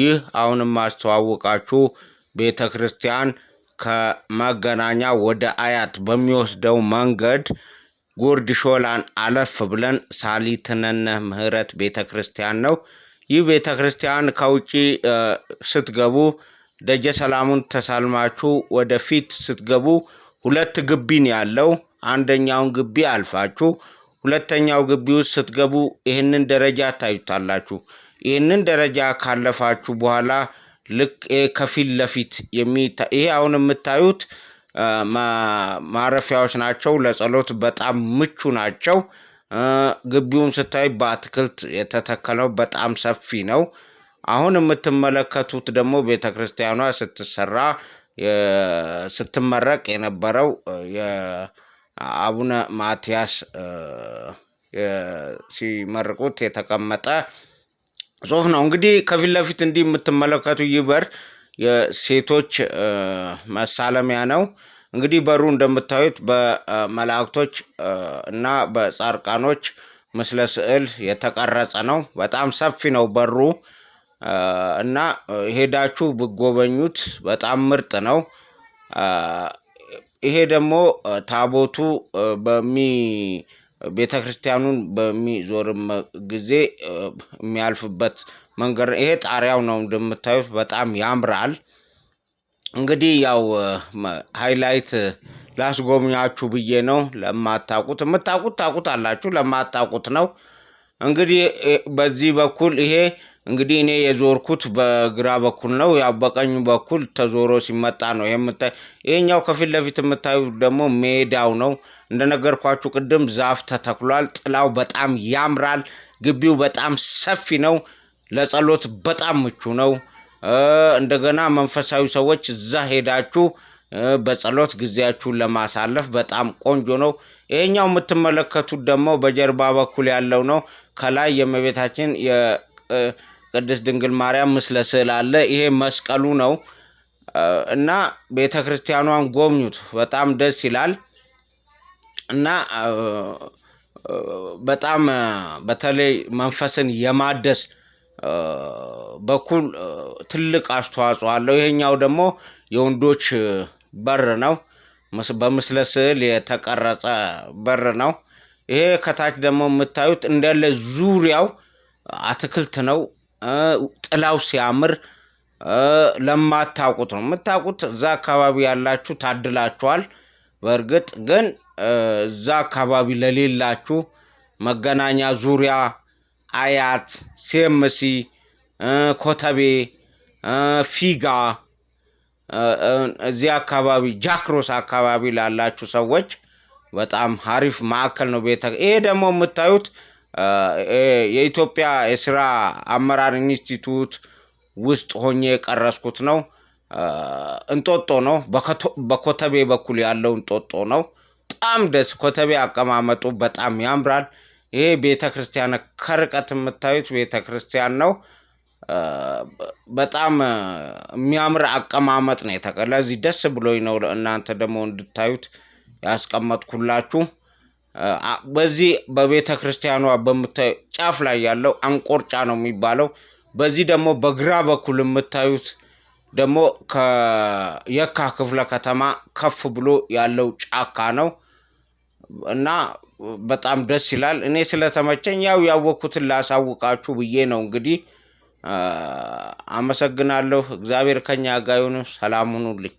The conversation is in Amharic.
ይህ አሁንም አስተዋወቃችሁ ቤተ ክርስቲያን ከመገናኛ ወደ አያት በሚወስደው መንገድ ጉርድ ሾላን አለፍ ብለን ሳሊትነነ ምህረት ቤተ ክርስቲያን ነው። ይህ ቤተ ክርስቲያን ከውጭ ስትገቡ ደጀ ሰላሙን ተሳልማችሁ ወደፊት ስትገቡ ሁለት ግቢን ያለው አንደኛውን ግቢ አልፋችሁ ሁለተኛው ግቢ ውስጥ ስትገቡ ይህንን ደረጃ ታዩታላችሁ። ይህንን ደረጃ ካለፋችሁ በኋላ ልክ ከፊት ለፊት ይሄ አሁን የምታዩት ማረፊያዎች ናቸው። ለጸሎት በጣም ምቹ ናቸው። ግቢውም ስታይ በአትክልት የተተከለው በጣም ሰፊ ነው። አሁን የምትመለከቱት ደግሞ ቤተ ክርስቲያኗ ስትሰራ ስትመረቅ የነበረው የአቡነ ማትያስ ሲመርቁት የተቀመጠ ጽሁፍ ነው። እንግዲህ ከፊት ለፊት እንዲህ የምትመለከቱ ይህ በር የሴቶች መሳለሚያ ነው። እንግዲህ በሩ እንደምታዩት በመላእክቶች እና በጻርቃኖች ምስለ ስዕል የተቀረጸ ነው። በጣም ሰፊ ነው በሩ እና ሄዳችሁ ብጎበኙት በጣም ምርጥ ነው። ይሄ ደግሞ ታቦቱ በሚ ቤተ ክርስቲያኑን በሚዞርም ጊዜ የሚያልፍበት መንገድ ይሄ ጣሪያው ነው እንደምታዩት በጣም ያምራል። እንግዲህ ያው ሃይላይት ላስጎብኛችሁ ብዬ ነው። ለማታቁት የምታቁት ታቁት አላችሁ፣ ለማታቁት ነው። እንግዲህ በዚህ በኩል ይሄ እንግዲህ እኔ የዞርኩት በግራ በኩል ነው። ያው በቀኝ በኩል ተዞሮ ሲመጣ ነው የምታይ። ይሄኛው ከፊት ለፊት የምታዩት ደግሞ ሜዳው ነው። እንደነገርኳችሁ ቅድም ዛፍ ተተክሏል። ጥላው በጣም ያምራል። ግቢው በጣም ሰፊ ነው። ለጸሎት በጣም ምቹ ነው። እንደገና መንፈሳዊ ሰዎች እዛ ሄዳችሁ በጸሎት ጊዜያችሁን ለማሳለፍ በጣም ቆንጆ ነው። ይሄኛው የምትመለከቱት ደግሞ በጀርባ በኩል ያለው ነው። ከላይ የእመቤታችን የቅድስት ድንግል ማርያም ምስለ ስዕል አለ። ይሄ መስቀሉ ነው እና ቤተ ክርስቲያኗን ጎብኙት። በጣም ደስ ይላል እና በጣም በተለይ መንፈስን የማደስ በኩል ትልቅ አስተዋጽኦ አለው። ይሄኛው ደግሞ የወንዶች በር ነው። በምስለ ስዕል የተቀረጸ በር ነው። ይሄ ከታች ደግሞ የምታዩት እንዳለ ዙሪያው አትክልት ነው። ጥላው ሲያምር ለማታውቁት ነው የምታውቁት። እዛ አካባቢ ያላችሁ ታድላችኋል። በእርግጥ ግን እዛ አካባቢ ለሌላችሁ መገናኛ ዙሪያ፣ አያት፣ ሴምሲ፣ ኮተቤ፣ ፊጋ እዚህ አካባቢ ጃክሮስ አካባቢ ላላችሁ ሰዎች በጣም ሀሪፍ ማዕከል ነው። ቤተ ይሄ ደግሞ የምታዩት የኢትዮጵያ የስራ አመራር ኢንስቲትዩት ውስጥ ሆኜ የቀረስኩት ነው። እንጦጦ ነው። በኮተቤ በኩል ያለው እንጦጦ ነው። በጣም ደስ ኮተቤ አቀማመጡ በጣም ያምራል። ይሄ ቤተ ክርስቲያን ከርቀት የምታዩት ቤተ ክርስቲያን ነው። በጣም የሚያምር አቀማመጥ ነው የተቀ እዚህ ደስ ብሎኝ ነው እናንተ ደግሞ እንድታዩት ያስቀመጥኩላችሁ። በዚህ በቤተ ክርስቲያኗ በምታዩ ጫፍ ላይ ያለው አንቆርጫ ነው የሚባለው። በዚህ ደግሞ በግራ በኩል የምታዩት ደግሞ ከየካ ክፍለ ከተማ ከፍ ብሎ ያለው ጫካ ነው እና በጣም ደስ ይላል። እኔ ስለተመቸኝ ያው ያወቅኩትን ላሳውቃችሁ ብዬ ነው እንግዲህ አመሰግናለሁ። እግዚአብሔር ከኛ ጋር ይሁን። ሰላም ሁኑልኝ።